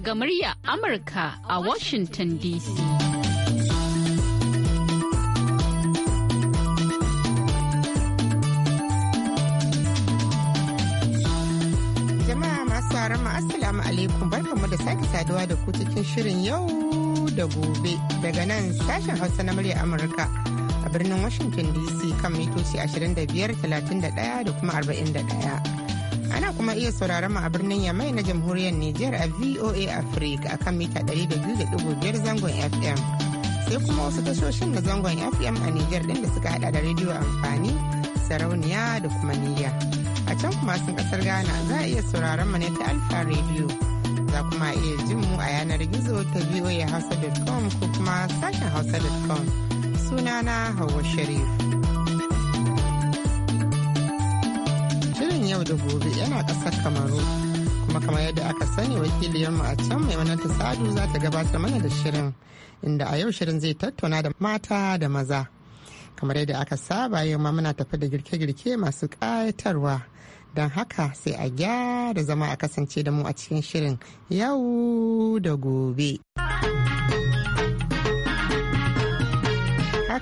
daga murya Amurka a Washington DC. Jama'a masu mu Assalamu alaikum barkanmu da sake saduwa da ku cikin shirin yau da gobe daga nan sashen Hausa na murya Amurka. a birnin Washington DC kan mitoci 25, 31 da kuma 41. Ana kuma iya sauraron mu a birnin Yamai na jamhuriyar Nijar a VOA Africa kan mita 200.5 zangon FM. Sai kuma wasu tashoshin da zangon FM a Nijar din da suka hada da rediyo amfani, sarauniya da kuma niyya. A can kuma sun kasar Ghana za a iya sauraron mu ne ta Alfa rediyo Za kuma iya jin mu a yanar gizo ta Hausa.com ko kuma sashen hausa.com. Sunana Hauwa Sharif. yau da gobe yana ƙasar kamaru kuma kamar yadda aka sani wakiliyarmu a can mai mananta sadu za ta gabatar mana da shirin inda a yau shirin zai tattauna da mata da maza kamar yadda aka saba yau ma muna tafi da girke-girke masu ƙayatarwa don haka sai a gyara zama a kasance da mu a cikin shirin yau da gobe.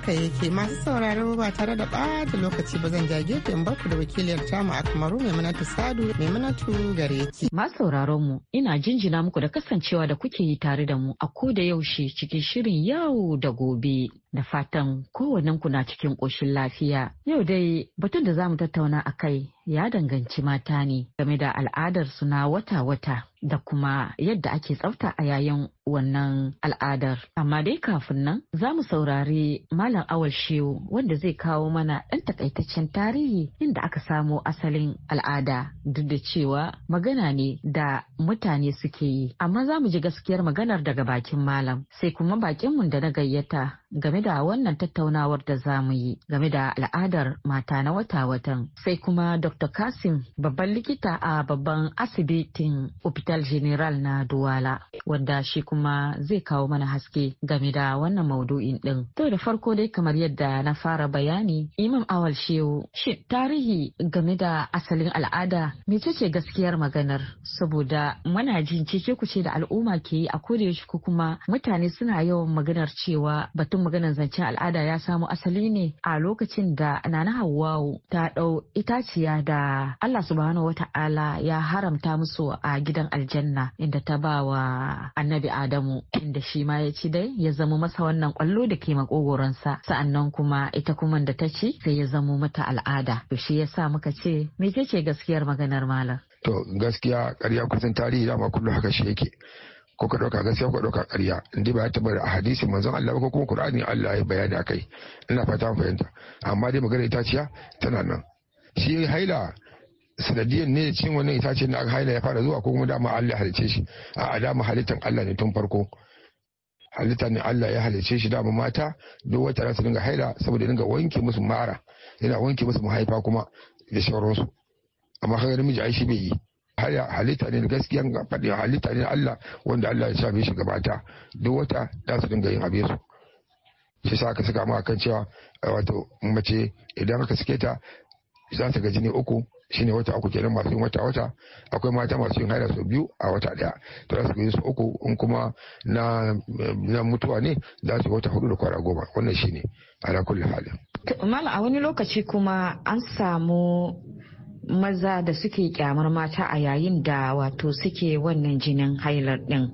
haka yake masu sauraro ba tare da ɓata lokaci ba zan jage ke in barku da wakiliyar tamu a kamaru manatu sadu manatu gare ki. masu sauraron mu ina jinjina muku da kasancewa da kuke yi tare da mu a ko da yaushe cikin shirin yau da gobe da fatan kowannen ku na cikin koshin lafiya yau dai batun da zamu tattauna a kai ya danganci mata ne game da al'adar su na wata-wata da kuma yadda ake tsafta a yayin wannan al'adar. Amma dai kafin nan za mu saurari Malam Awal Shehu wanda zai kawo mana ɗan takaitaccen tarihi inda aka samo asalin al'ada duk da cewa magana ne da mutane suke yi. Amma za mu ji gaskiyar maganar daga bakin Malam sai kuma mu da na gayyata game da wannan tattaunawar da za mu yi game da al'adar mata na wata-watan sai kuma Dr. Kasim babban likita a babban asibitin Hospital General na Duwala wanda shi kuma kuma zai kawo mana haske game da wannan maudu'in ɗin To da farko dai kamar yadda na fara bayani Imam Awal Shehu shi tarihi game da asalin al'ada mecece gaskiyar maganar saboda muna jin cece ce da al'umma ke yi a kodayaushe ko kuma mutane suna yawan maganar cewa batun maganar zancen al'ada ya samo asali ne a lokacin da Nana Hawwa'u ta ɗau itaciya da Allah subhanahu wata'ala ya haramta musu a gidan aljanna inda ta ba wa annabi Adam Adamu inda shi ma ya ci dai ya zama masa wannan kwallo da ke makogoronsa sa'annan kuma ita kuma da ta ci sai ya zamo mata al'ada to shi ya sa muka ce ke ce gaskiyar maganar malam to gaskiya ƙarya kusan tarihi dama kullum haka shi yake ko ka ɗauka gaskiya ko ka ɗauka ƙarya dai ba ya tabbata a hadisi manzon Allah ko kuma Qur'ani Allah ya bayani akai ina fata mu fahimta amma dai magana itaciya tana nan shi haila sanadiyar ne cin wannan itace da aka haila ya fara zuwa ko kuma dama Allah ya halice shi a dama halittan Allah ne tun farko halitta ne Allah ya halice shi dama mata duk wata su dinga haila saboda dinga wanke musu mara yana wanke musu mahaifa kuma da sauransu amma kaga namiji ai shi bai yi halitta ne da gaskiya ga faɗi halitta ne Allah wanda Allah ya shafe shi gabata duk wata da su dinga yin abin su shi sa aka saka maka kan cewa wato mace idan aka suke ta za ta ga jini uku shine wata uku kenan masu yin wata wata akwai mata masu yin haila sau biyu a wata daya to za su yi su uku in kuma na mutuwa ne za su yi wata hudu da kwara goma wannan shine ala kulli halin malam a wani lokaci kuma an samu maza da suke kyamar mata a yayin da wato suke wannan jinin hailar din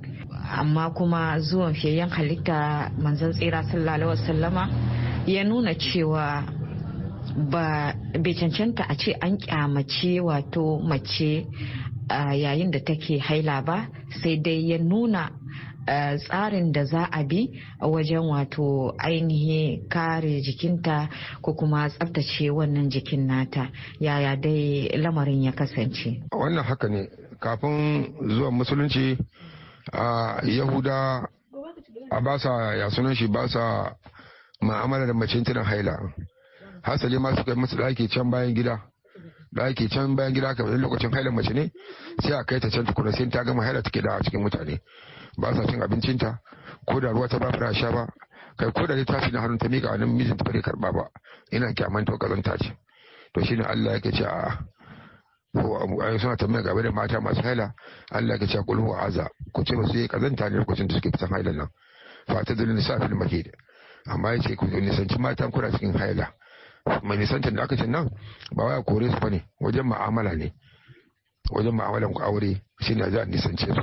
amma kuma zuwan fiyayyen halitta manzon tsira sallallahu alaihi wasallama ya nuna cewa ba bai cancanta a ce an kyamace wato mace yayin da take haila ba sai dai ya nuna tsarin da za a bi a wajen wato ainihin kare jikinta ko kuma tsabtace wannan jikin nata yaya dai lamarin ya kasance wannan haka ne kafin zuwa musulunci a yahuda a ba sa ya sunan shi ba ma'amala da mace haila hasali ma suka yi musu ake can bayan gida ake can bayan gida kamar lokacin haila mace ne sai a kai ta can tukuna sai ta gama haila take da a cikin mutane ba sa cin abincinta ko da ruwa ta ba fara sha ba kai ko da littafi na hannun ta mika wani mijin ta bare karba ba ina kyamanta ta kazanta ce to shine Allah yake ce a ayi suna tambaya game da mata masu haila Allah yake ce kulhu a aza ku ce ba su yi eh, kazanta ne lokacin da suke fitan hailan nan fa ta dulin sa fil amma yace ku nisanci matan kuna cikin haila mai nisantar da aka ce nan ba waya kore su bane wajen ma'amala ne wajen ma'amalan ku aure shi ne zan a nisance su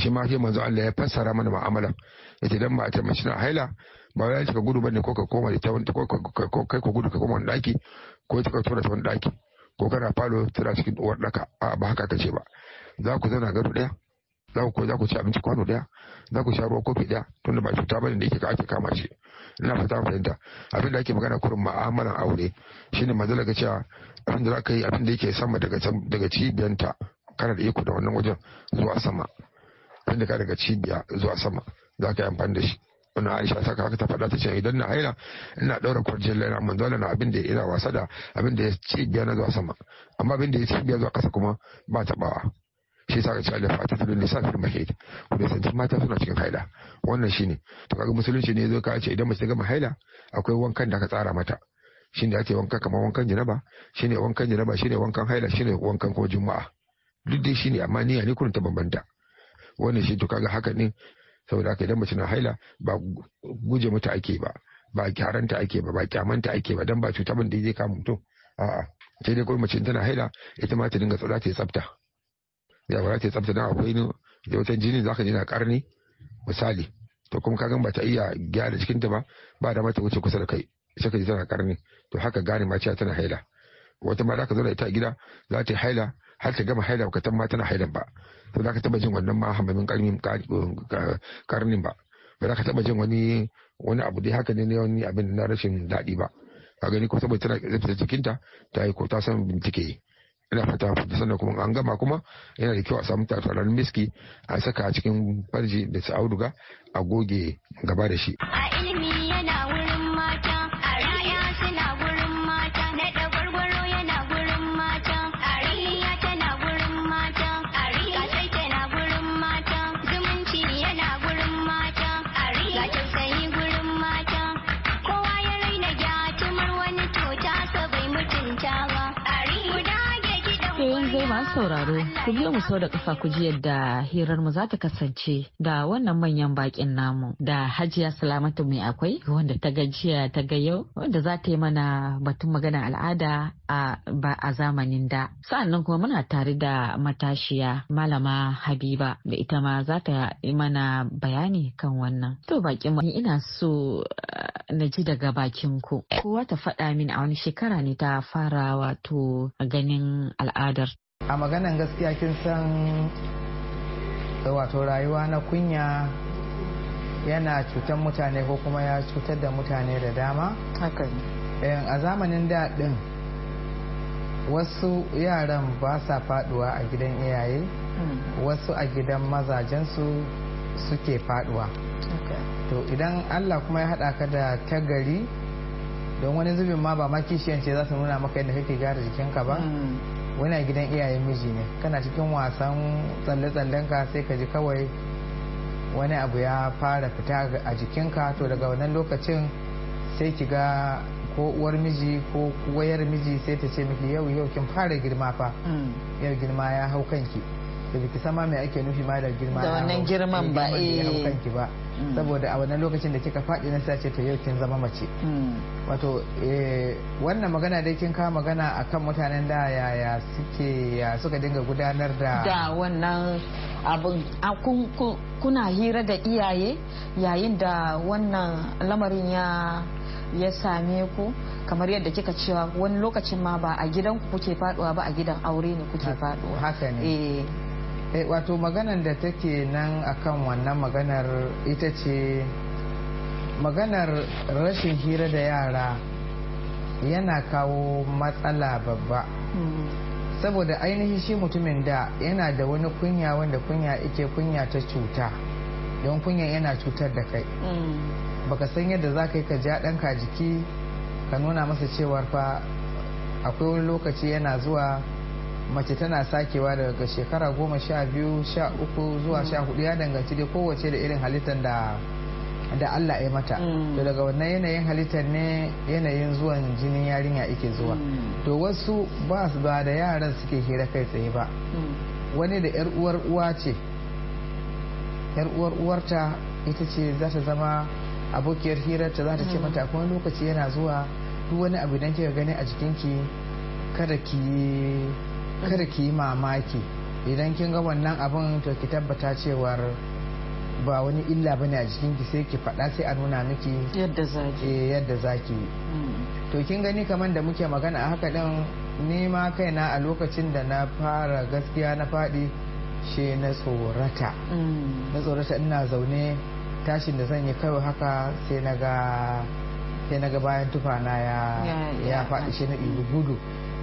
shi ma sai manzo Allah ya fassara mana ma'amalan yace dan ba ta mace na haila ba wai ka gudu bane ko ka koma da tawanta ko kai ko gudu ka koma daki ko ka tura tawanta daki ko kana falo tura cikin uwar daka a ba haka kace ba za ku zauna gado daya za ku za ku ci abinci kwano daya za ku sha ruwa kofi daya tunda ba cuta bane da yake ake kama shi ina fata fahimta abin da ake magana kurin ma'amalan aure shine manzala ga cewa abin da za ka yi abin da yake sama daga daga cibiyanta kana da iko da wannan wajen zuwa sama abin da ka daga cibiya zuwa sama za ka yi amfani da shi wannan aisha saka haka ta faɗa ta ce idan na haila ina ɗaura kwarjiyar laina manzo Allah na abin da ina wasa da abin da ya cibiya na zuwa sama amma abin da ya cibiya zuwa ƙasa kuma ba taɓawa shi sa ce Allah fata filin nisa lissafin mahid kuma da sanci mata suna cikin haila wannan shine to kaga musulunci ne zo ka ce idan mace gama haila akwai wankan da aka tsara mata shine ake wanka kamar wankan janaba shine wankan janaba shine wankan haila shine wankan ko juma'a duk dai shine amma niyya ne kurin ta bambanta wannan shi to kaga haka ne saboda haka idan mace na haila ba guje mata ake ba ba kyaranta ake ba ba kyamanta ake ba dan ba cuta ban da zai kama mutum a'a sai dai kuma mace tana haila ita ma ta dinga tsada ta yi tsafta da ba za ta yi akwai don akwai wata jini za ka ji na karni misali to kuma kagan ba ta iya gyara jikinta ba ba da mata wuce kusa da kai sai ka ji tana karni to haka gane ma cewa tana haila wata ma za ka zo da ita gida za ta yi haila har ta gama haila ka ma tana hailan ba to za ka taba jin wannan ma hamamin karnin ba ba za ka taba jin wani wani abu dai haka ne ne wani abin na rashin daɗi ba a gani ko saboda tana tsafta jikinta ta yi ko ta san bincike ina fata da sannan kuma an gama kuma yana da kyau a samu tafaran miski a saka a cikin farji da su auduga a goge gaba da shi. sauraro, ku biyo mu sau da kafa ku ji yadda hirar mu za ta kasance da wannan manyan bakin namu da Hajiya Salamatu mai akwai wanda ta gajiya ta ga yau wanda za ta yi mana batun magana al'ada a a zamanin da. Sa'annan kuma muna tare da matashiya Malama Habiba da ita ma za ta yi mana bayani kan wannan. To bakin mu ina so eh, na ji daga bakin ku. Kowa ta faɗa min a wani shekara ne ta fara wato ganin al'adar a maganan gaskiya kin san eh, wato rayuwa na kunya yana cutar mutane ko kuma ya cutar da mutane da dama eh, a zamanin daɗin wasu yaran ba sa faduwa a gidan iyaye hmm. wasu a gidan mazajensu suke faduwa to idan allah kuma ya haɗa ka da tagari don wani zubin ma ba makishiyance za su nuna maka yadda kake gyara jikinka ba hmm. wani a gidan iyayen miji ne kana cikin wasan tsalle-tsallen ka sai ka ji kawai wani abu ya fara fita a jikinka to daga wannan lokacin sai ki ga ko uwar miji ko wayar miji sai ta ce miki yau yau kin fara girma fa mm. yau girma ya hau kanki da ki sama mai ake nufi ma da girma da wannan girman ba Mm. saboda a wannan lokacin da kika faɗi na sace ta yau kin zama mace mm. wato eh, wannan magana dai kin kawo magana akan mutanen da yaya suke ya suka dinga gudanar da da wannan abin kuna hira da iyaye yayin da wannan lamarin ya ya same ku kamar yadda kika cewa wani lokacin ma ba a gidan ku kuke faduwa ba a gidan aure ne kuke faduwa haka ne eh. Eh, wato maganar da take nan akan wannan maganar ita ce maganar rashin hira da yara yana kawo matsala babba saboda ainihi shi mutumin da yana da wani kunya wanda kunya ike kunya ta cuta don kunya yana cutar da kai baka san yadda za ka yi ka ja ɗanka jiki ka nuna masa cewar fa akwai wani lokaci yana zuwa mace tana sakewa daga shekara goma sha biyu sha uku zuwa sha hudu ya danganci dai kowace da irin halittar da da Allah ya mata mm. to daga wannan yanayin halittar ne yanayin zuwan jinin yarinya ike zuwa mm. to wasu ba su ba da yaran suke hira kai tsaye ba mm. wani da yar uwar uwa ce yar uwar uwarta ita ce za ta zama abokiyar hirarta za ta ce mata kuma lokaci yana zuwa duk wani abu dan kika gani a jikinki kada ki Kar ki yi mamaki idan kin ga wannan abin to ki tabbata cewar ba wani illa bane a jikin ki sai ki faɗa sai a nuna miki yadda zaki eh, yadda zaki mm. to kin gani kamar da muke magana a haka din ni ma kaina a lokacin da na fara gaskiya na faɗi she na tsorata mm. na tsorata ina zaune tashin da zan yi kawai haka sai na ga sai na bayan tufana ya faɗi shi na ilu gudu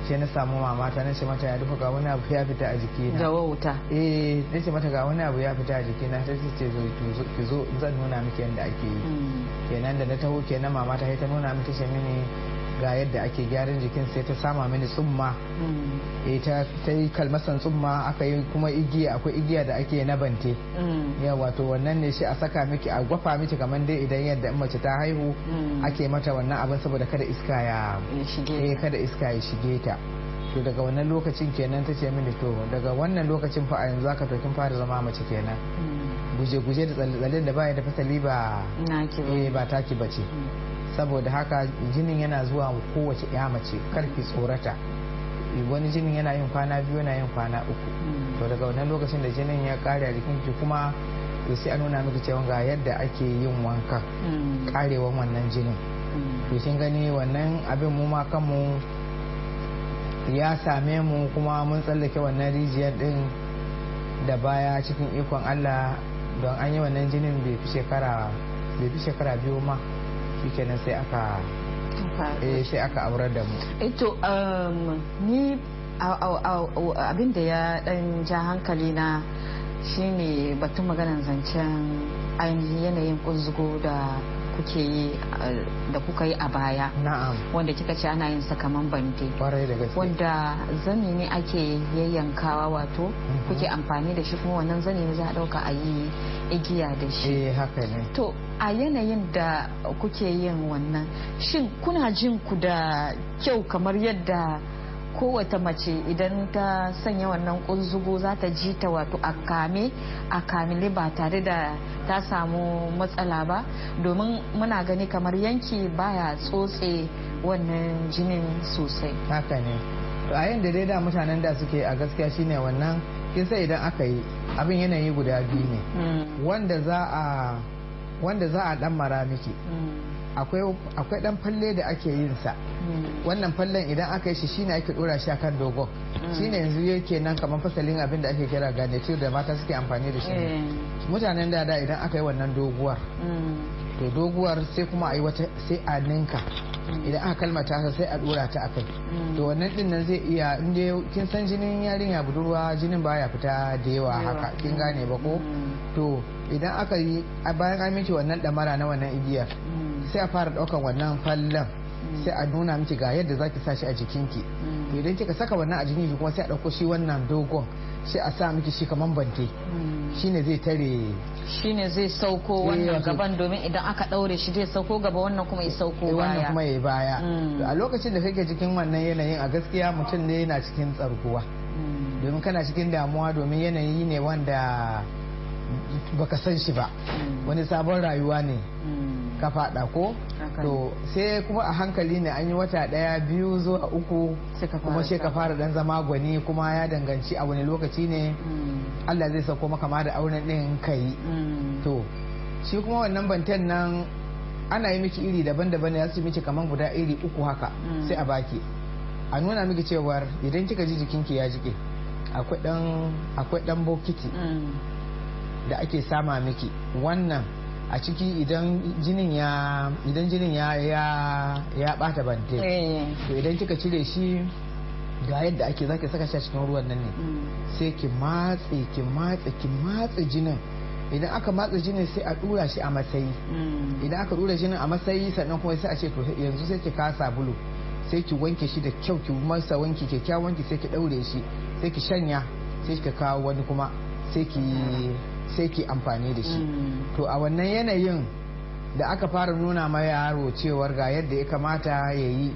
sai na samu mamata na ce mata ya duka ga wani abu ya fita a jiki na gawa wuta eh ce mata ga wani abu ya fita a jiki na sai ce zo ki zo zan nuna miki yadda ake yi hmm. kenan da na taho kenan mama ta ta nuna miki ce mini ga yadda ake gyaran jikin sai ta sama mini tsumma ita mm. eh, ta yi kalmasan tsumma aka yi kuma igiya akwai igiya da ake na bante mm. ya wato wannan ne shi a saka miki a gwafa miki kamar dai idan yadda mace ta haihu mm. ake mata wannan abin saboda kada iska ya eh, kada iska ya shige ta to daga wannan lokacin kenan ta ce mini to daga wannan lokacin fa a yanzu aka to kin fara zama mace kenan guje-guje da tsalle-tsalle da baya da fasali ba eh, ba taki bace saboda haka jinin yana zuwa kowace ya mace karfi tsorata wani jinin yana yin kwana biyu yana yin kwana uku to daga wannan lokacin da jinin ya kare a jikin ki kuma sai a nuna miki cewa ga yadda ake yin wanka karewan mm. wannan jinin mm. to kin gani wannan abin mu ma kanmu ya same mu kuma mun tsallake wannan rijiyar din da baya cikin ikon Allah don an yi wannan jinin bai fi shekara biyu ma kenan sai aka eh sai aka aurar da mu eh to um, ni abin da ya dan ja hankali na shine batun maganan zancen ainihin yanayin kunzugo da kuke yi da kuka yi a baya wanda kika ce ana yin sa kaman bante wanda zani ne ake yayyankawa wato mhm. kuke amfani da shi kuma wannan zani ne za a dauka a yi igiya da shi eh, to a yanayin da kuke yin wannan shin kuna jin ku da kyau kamar yadda kowace mace idan ta sanya wannan kunzugu za ta ji ta wato a kame a kamile ba tare da ta samu matsala ba domin muna gani kamar yanki baya tsotse wannan jinin sosai haka ne to a da dai da mutanen da suke a gaskiya shine wannan kin kisa idan aka yi abin yanayi guda biyu ne mm. wanda za a wanda za a dan mara miki mm. akwai dan falle da ake yin sa wannan fallen idan aka yi shi shine ake dora shi akan dogon shine yanzu yake nan kamar fasalin abin da ake kira garniture da mata suke amfani da shi eh. mutanen da da idan aka yi wannan doguwar mm. to doguwar sai kuma a yi wata sai a ninka mm. idan aka kalmata ta sai a dora ta a mm. to wannan din nan zai iya inda kin san jinin yarinya budurwa jinin baya fita da yawa haka kin gane ba ko to idan aka yi bayan aminci wannan damara na wannan igiyar sai a fara daukan wannan fallan mm. sai a nuna miki ga yadda zaki sa shi a jikinki mm. to idan kika saka wannan a jikinki kuma sai a dauko shi wannan dogon sai a sa miki shi kaman bante mm. shine zai tare shine zai sauko wannan eh, gaban domin idan aka daure shi zai sauko gaba wannan kuma ya sauko eh, baya wannan kuma ya baya a lokacin da kake cikin wannan yanayin a gaskiya mutum ne yana cikin tsarguwa domin kana cikin damuwa domin yanayi ne wanda baka san shi ba mm. wani sabon rayuwa ne mm. ka fada ko to sai kuma a hankali ne an yi wata daya biyu zuwa uku kuma sai ka fara dan zama gwani kuma ya danganci a wani lokaci ne mm. Allah zai sauko maka ma da auren din kai to shi kuma wannan bantan nan ana yi miki iri daban-daban ne su miki kaman guda iri uku haka sai a baki a nuna miki cewar idan kika ji jikinki ya jike akwai dan bokiti da ake sama miki wannan a ciki idan jinin ya ya bata bante eh. to idan kika cire shi ga yadda ake zaki saka shi a cikin ruwan nan ne mm. sai ki matse ki matse ki matse jinin idan aka matsa jinin sai a dura shi a matsayi mm. idan aka dura jinin a matsayi sannan kuma sai a ce yanzu sai ki ka sabulu sai ki wanke shi da kyau ki masa wanki kyakkyawan wanki sai ki daure shi sai ki shanya sai ki kawo wani kuma sai ki sai ke amfani da shi mm. to a wannan yanayin da aka fara nuna ma yaro cewar ga yadda ya kamata ya yi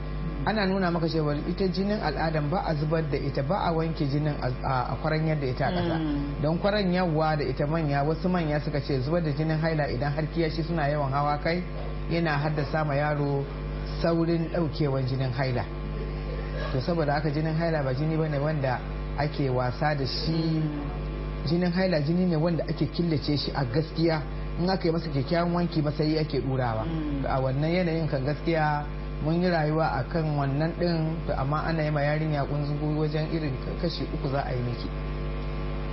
ana nuna maka cewar ita jinin al'adan ba a zubar da ita ba a wanke jinin a kwaran yadda ita a ƙasa mm. don kwaran yawwa da ita manya wasu manya suka ce zubar da jinin haila idan har kiyashi suna yawan hawa kai yana haddasa ma yaro saurin ɗaukewar jinin haila to saboda haka jinin haila ba jini bane wanda ake wasa da shi mm. jinin haila jini ne wanda ake killace shi a gaskiya in aka yi masa kyakkyawan wanki masayi ake ɗurawa mm. a wannan yanayin kan gaskiya mun yi rayuwa a kan wannan ɗin amma ana yi ma yarinya kunzugu wajen irin kashi uku za a yi miki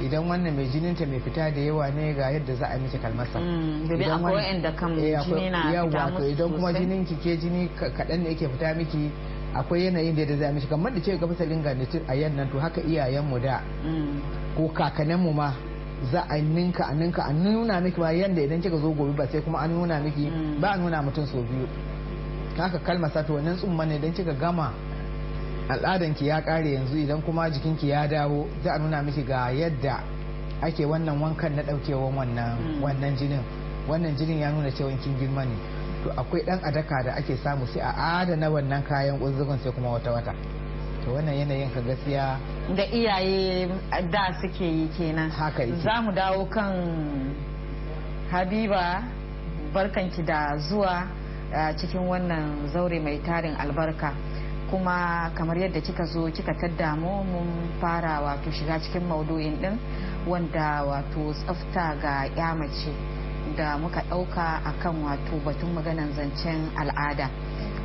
idan wannan mai jininta mai fita da yawa ne ga yadda za a miki kalmasa mm, idan akwai inda kan eh, jini na fita musu idan kuma jinin ki ke jini kaɗan ne yake fita miki akwai yanayin da zai mishi kamar da ce ga fasalin ganitin a yan nan to haka iyayenmu da ko ma za a ninka a ninka a nuna miki ba yanda idan kika zo gobe ba sai kuma an nuna miki mm. ba a nuna mutum sau biyu haka kalma sato wannan tsumma ne idan kika gama al'adanki ya kare yanzu idan kuma jikinki ya dawo za a nuna miki ga yadda ake wannan wankan na daukewan wannan mm. wannan jinin wannan jinin ya nuna cewa kin girma ne to akwai dan adaka da ake samu sai a adana wannan kayan uzurin sai kuma wata wata to wannan yanayin ka gaskiya da iyaye da suke yi kenan haka yake za mu dawo kan habiba barkanki da zuwa cikin wannan zaure mai tarin albarka kuma kamar yadda kika zo kika tadda mu mun fara wato shiga cikin maudu'in din wanda wato tsafta ga ya mace da muka ɗauka a kan wato batun maganan zancen al'ada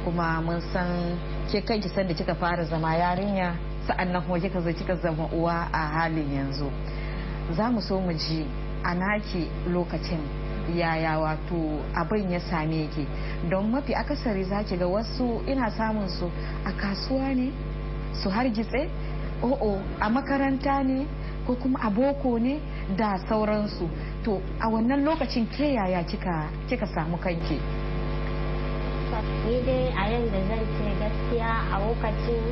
kuma mun san ke kanki da kika fara zama yarinya sa'an nan kuma kika zo kika zama uwa a halin yanzu za mu so mu ji a naki lokacin yaya wato abin ya same ki don mafi akasari za ki ga wasu ina samun su a kasuwa ne su hargitse o'o a makaranta ne ko kuma a boko ne da sauransu to a wannan lokacin ke yaya kika kika samu kanki ni dai a yadda zan ce gaskiya a lokacin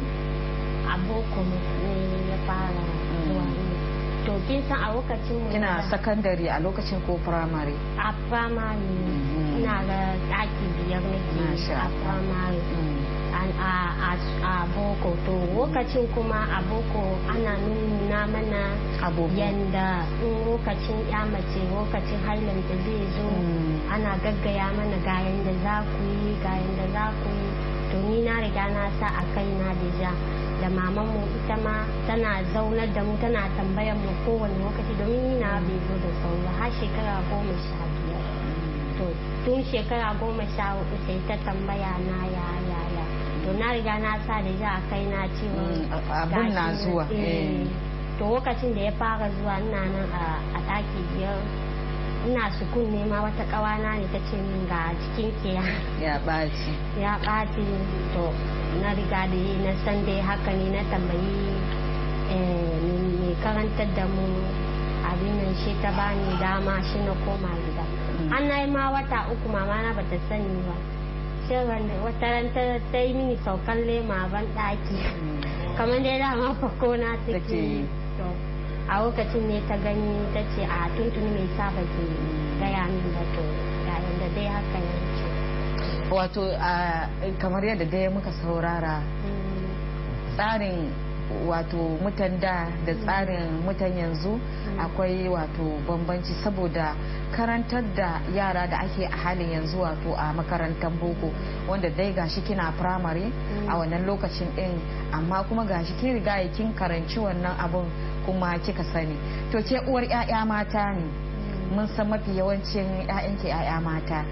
abokan ne ya fara zuwa mm. to kin san a lokacin kina sakandare a lokacin ko firamare a firamare mm. ina ga ɗaki biyar nake a firamare a boko to lokacin kuma a boko ana nuna mana abu yanda lokacin ya mace lokacin hailan da zai zo mm. ana gaggaya mana ga yanda za ku yi ga yanda za ku yi to ni na riga na sa a kai na deja da mamanmu ita ma tana zaunar da mu tana tambayar mu kowane lokaci domin ni na bai zo da sauri har shekara goma sha biyar to tun shekara goma sha hudu sai ta tambaya na yaya to na riga na sa da ja a kai na ce mm, abun na zuwa eh. Eh. to lokacin da ya fara zuwa ina nan a daki biyar ina sukun nema wata kawana ne ta ce min ga cikin ke ya ɓaci ya ɓaci to na riga da yi na san dai haka ne na tambayi eh, mai karantar da mu abin nan shi ta bani dama shi na koma gida mm. an na yi ma wata uku mama na bata sani ba wata ta yi mini saukan lema ban mm. kamar dai dama fako na take a lokacin ne ta gani ta ce a tuntuni mai sa ba gaya min ba to yayin da dai haka yanki wato kamar yadda dai muka saurara mm. tsarin wato mutan da da tsarin mutan yanzu akwai wato bambanci saboda karantar da yara da ake a halin yanzu wato a makarantar boko wanda dai gashi kina firamare a wannan lokacin din amma kuma gashi kin riga kin karanci wannan abun kuma kika sani to ke uwar 'ya'ya mata ne mun san mafi yawancin 'ya'yanki 'ya'ya mata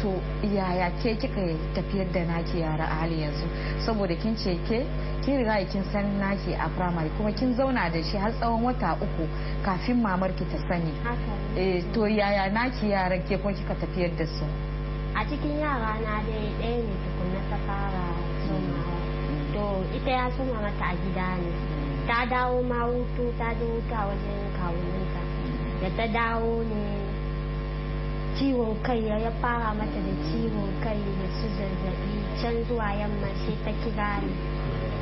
to yaya ke kika tafiyar da naki yara a hali yanzu saboda kin ce ke kin riga kin san naki a primary kuma kin zauna da shi har tsawon wata uku kafin mamar ki ta sani eh to yaya naki yara ke kuma kika tafiyar da su a cikin yara na dai ɗaya ne tukunna ta fara to ita ya suma mata a gida ne ta dawo ma hutu ta je wuta wajen kawunanta da ta dawo ne ciwon kai ya fara mata da ciwon kai da su zazzabi can zuwa yamma sai ta kira ni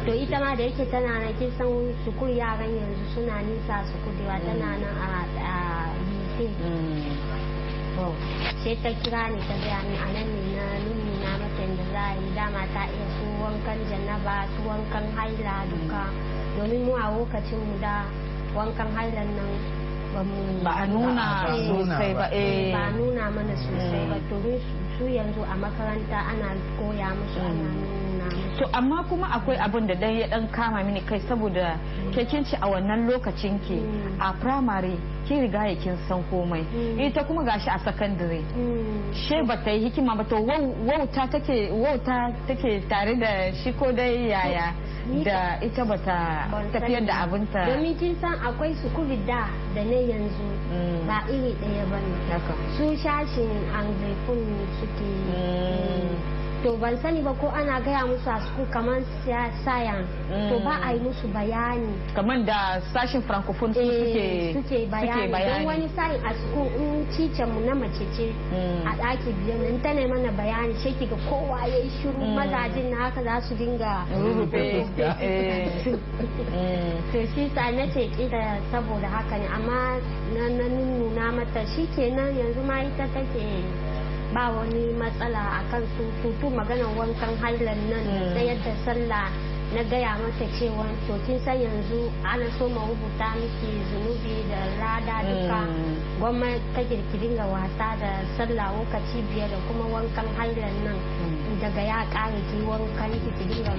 to ita ma da yake tana na kin san sukur yaran yanzu suna nisa su kudewa tana nan a yi sai ta kira ni ta gaya ni a nan ne na nuni na matan da za a yi dama ta iya su wankan jannaba su wankan haila duka domin mu a lokacin mu da wankan hailan nan ba a ah, nuna sosai ba ba nuna eh. mana sosai ba mm. domin su yanzu a makaranta ana koya musu ana nuna to amma kuma akwai abin da dan ya dan kama mini kai saboda mm. kekenci ci a wannan lokacin ki mm. a primary ki riga ya kin san komai mm. ita kuma gashi a secondary she ba ta yi hikima ba to wauta take wauta take tare da shi ko dai yaya da ita ba ta tafiyar da ta domin kin san akwai su da da ne yanzu ba iri ɗaya ba ne su shashin anglikun ne suke to ban sani ba ko ana gaya musu a su kamar sayan. to ba a yi mm. musu bayani kamar da sashin francophone su eh, suke bayani don wani sa'in a su in cicen mu na mace ce mm. a daki biyu nan ta ne mana bayani sai ga kowa ya yi shiru mm. mazajin na haka za su dinga rufe eh. to shi sa na ce kira saboda haka ne amma na nuna mata shi kenan yanzu ma ita take ba wani matsala akan su tutu maganar wankan hailan nan da hmm. yadda sallah na gaya mata cewa to kin san yanzu ana so ma rubuta miki zunubi da lada duka hmm. gwamma ta kirkirin ga wasa da sallah lokaci biyar da kuma wankan hailan nan hmm. daga ya kare ki wankan ki dinga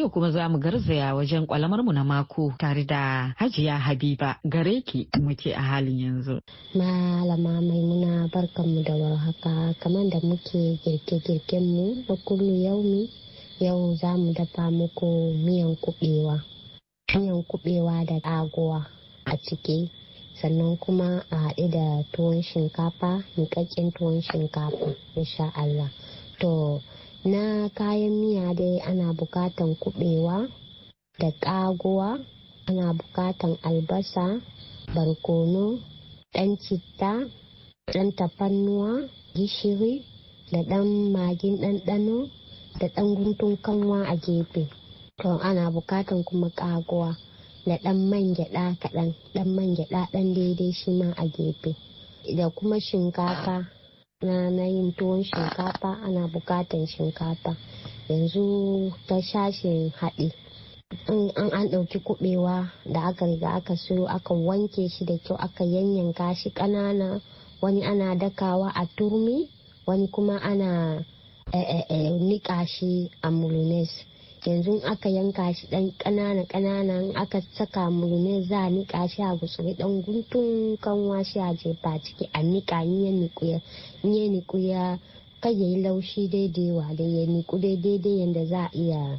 yau kuma za mu garzaya wajen kwalamarmu na mako tare da Hajiya Habiba gare ki muke a halin yanzu. Malama Maimuna mu da warhaka kamar da muke girke-girken mu na kullu mu yau za mu dafa muku miyan kubewa. Miyan kubewa da ɗaguwa a ciki sannan kuma a haɗe da tuwon shinkafa niƙaƙƙen tuwon shinkafa insha Allah. To na kayan miya dai ana bukatan kubewa da ƙaguwa ana bukatan albasa barkono ɗan citta ɗan tafannuwa gishiri da ɗan magin ɗanɗano da ɗan guntun kanwa a gefe to ana bukatan kuma ƙaguwa da ɗan man gyaɗa kaɗan ɗan man gyaɗa ɗan daidai shi ma a gefe da kuma shinkafa na na yin tuwon shinkafa ana bukatan shinkafa yanzu ta shashin haɗe an an ɗauki kuɓewa da aka riga aka siyo aka wanke shi da kyau aka yanyanka shi ƙanana wani ana dakawa a turmi wani kuma ana eh, eh, eh, niƙa shi a mulunes yanzu aka yanka shi dan kanana kanana aka saka murne za a nika shi a gutsuri dan guntun kanwa shi a jefa ciki a nika in ya niku ya niku ya kai yi laushi daidai wa da ya niku daidai yanda za a iya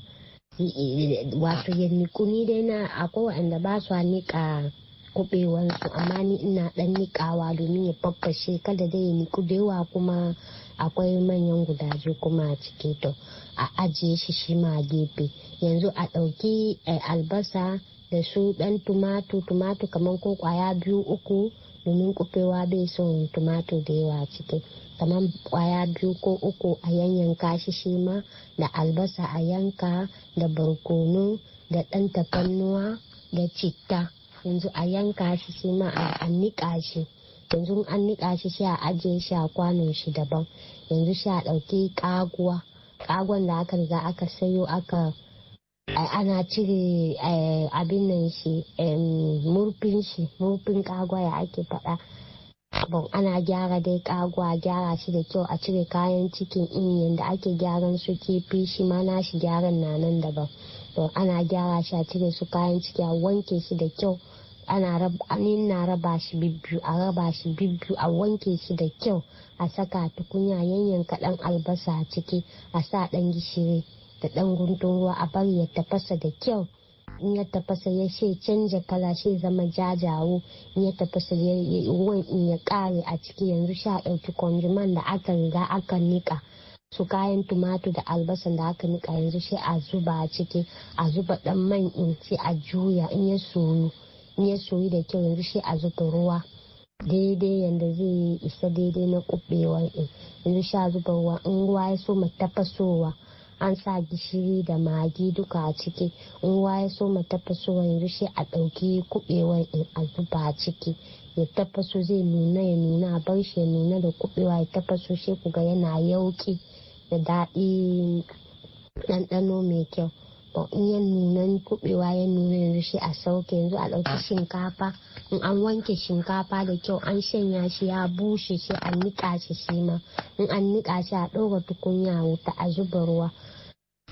wato ya niku ni dai na akwai wanda ba su nika kubewansu amma ni ina dan nikawa domin ya fafashe kada dai ya niku da kuma akwai manyan gudaje kuma a ciki to a ajiye shi shi ma gefe yanzu a ɗauki eh, albasa da su ɗan tumatu tumatu kamar ko kwaya biyu uku domin kufewa bai son tumatur da yawa ciki kamar kwaya biyu ko uku a yanyanka shi shi ma da albasa a yanka da barkono da ɗan tafannuwa da citta yanzu a yanka shi shi ma a niƙa shi yanzu an niƙa shi shi a ajiye shi a kwanon shi daban yanzu shi a ɗauki ƙaguwa kagon da aka riga aka sayo aka eh, ana cire eh, abin nan shi murfin shi murfin kagwa ya ake faɗa bon ana gyara dai kagwa gyara shi da kyau a cire kayan cikin in yadda ake gyaran su kifi shi ma nashi gyaran na nan daban don ana gyara shi a cire su kayan ciki a wanke shi da kyau ana raba shi bibbiyu a raba shi bibbiyu a wanke shi da kyau a saka tukunya yanyan kaɗan albasa a ciki a sa ɗan gishiri da ɗan guntun ruwa a bari ya tafasa da kyau in ya tafasa ya she canja kala shi zama jajawo in ya tafasa in ya kare a ciki yanzu sha ɗauki kwanjiman da aka riga aka nika su kayan tumatu da albasa da aka nika yanzu sai a zuba a ciki a zuba ɗan man in ce a juya in ya soyu ya soyu da kyau yanzu shi a zuba ruwa daidai yadda zai isa daidai na kubewa yanzu sha zuba ruwa in ruwa ya so tafasowa an sa gishiri da magi duka a ciki in ruwa ya so tafasowa yanzu shi a ɗauki kubewa din a zuba a ciki ya tafaso zai nuna ya nuna a bar shi ya nuna da kubewa ya tafaso shi kuga yana yauki da daɗi ɗanɗano mai kyau Oh, in ya nuna kubewa ya nuna yanzu shi a sauke yanzu a ɗauki ah. shinkafa in an wanke shinkafa da kyau an shanya shi ya bushe shi an niƙa shi shi ma in an niƙa shi a ɗora tukunya wuta a zuba ruwa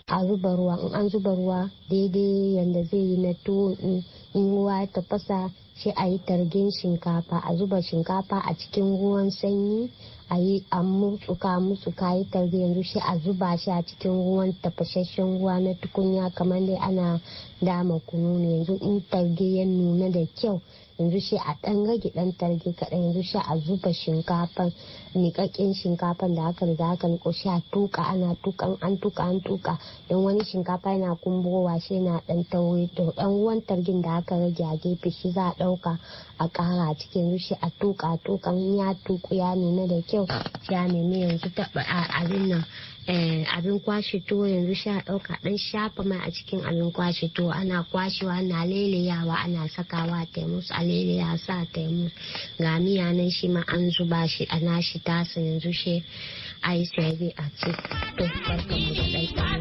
a zuba ruwa in an zuba ruwa daidai yadda zai yi na tuwo in ruwa ta fasa. sai a yi targin shinkafa a zuba shinkafa a cikin ruwan sanyi a yi a mutsuka mutsuka yi targe yanzu shi a zuba shi a cikin ruwan tafashashen ruwa na tukunya kamar dai ana dama kunu na yanzu in targe ya nuna da kyau yanzu shi a ɗan rage ɗan targe kaɗan yanzu shi a zuba shinkafan niƙaƙƙen shinkafan da aka riga aka niƙo shi a tuka ana tuka an tuka an tuka don wani shinkafa yana kumbowa shi yana ɗan tauri to ɗan ruwan targin da aka rage a gefe shi za a ɗauka a ƙara a cikin yanzu shi a tuka a tuka ya tuku ya nuna da kyau ya nemi yanzu taɓa abin nan Eh, abin kwashe tuwo yanzu sha ɗauka ɗan shafa mai a cikin abin kwashe tuwo ana kwashewa ana lelayawa ana sakawa taimus a lelaya sa taimus ga miya nan shi ma an zuba shi a nashi tasa yanzu shi a yi sai a ce to barkan mu da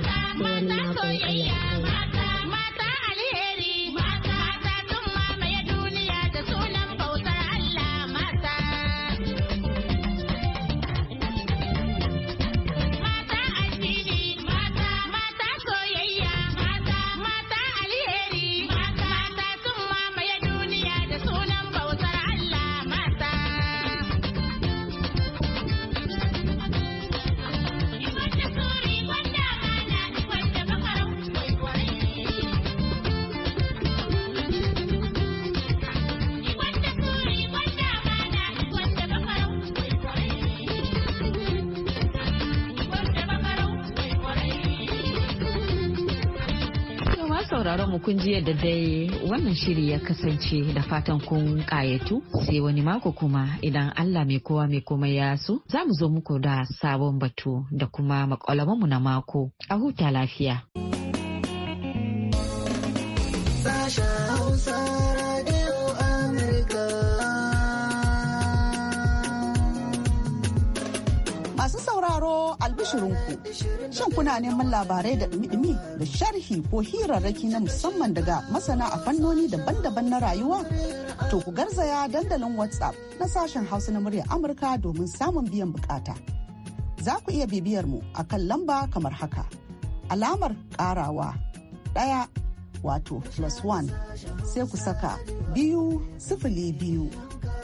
kun ji yadda dai wannan shiri ya kasance da fatan kun kayatu sai wani mako kuma idan Allah mai kowa mai komai ya so za mu zo muku da sabon batu da kuma makwalamanmu na mako a huta lafiya. shirinku. Shin kuna neman labarai da ɗumi da sharhi ko hirarraki na musamman daga masana a fannoni daban-daban na rayuwa? To ku garzaya dandalin WhatsApp na sashen Hausa na muryar Amurka domin samun biyan bukata. Za ku iya bibiyar mu a kan lamba kamar haka. Alamar karawa ɗaya wato plus one sai ku saka biyu sifili biyu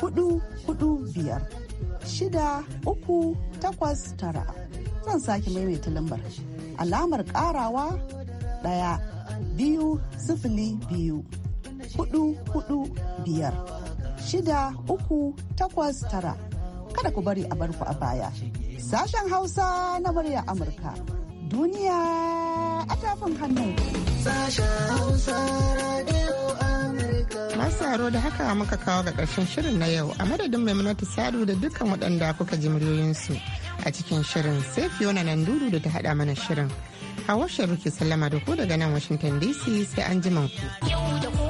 hudu hudu biyar shida uku takwas tara zan sake maimaita lambar alamar karawa ɗaya biyu sifili biyu hudu hudu biyar shida uku takwas tara kada ku bari a barku a baya sashen hausa na murya amurka duniya a tafin hannu haro da haka muka kawo ga ƙarshen shirin na yau a madadin maimunatu sadu da dukkan waɗanda kuka ji muryoyinsu. su a cikin shirin sai fiona nan dudu da ta haɗa mana shirin. Hawar ruki Sallama da ku daga nan Washington DC sai an ku.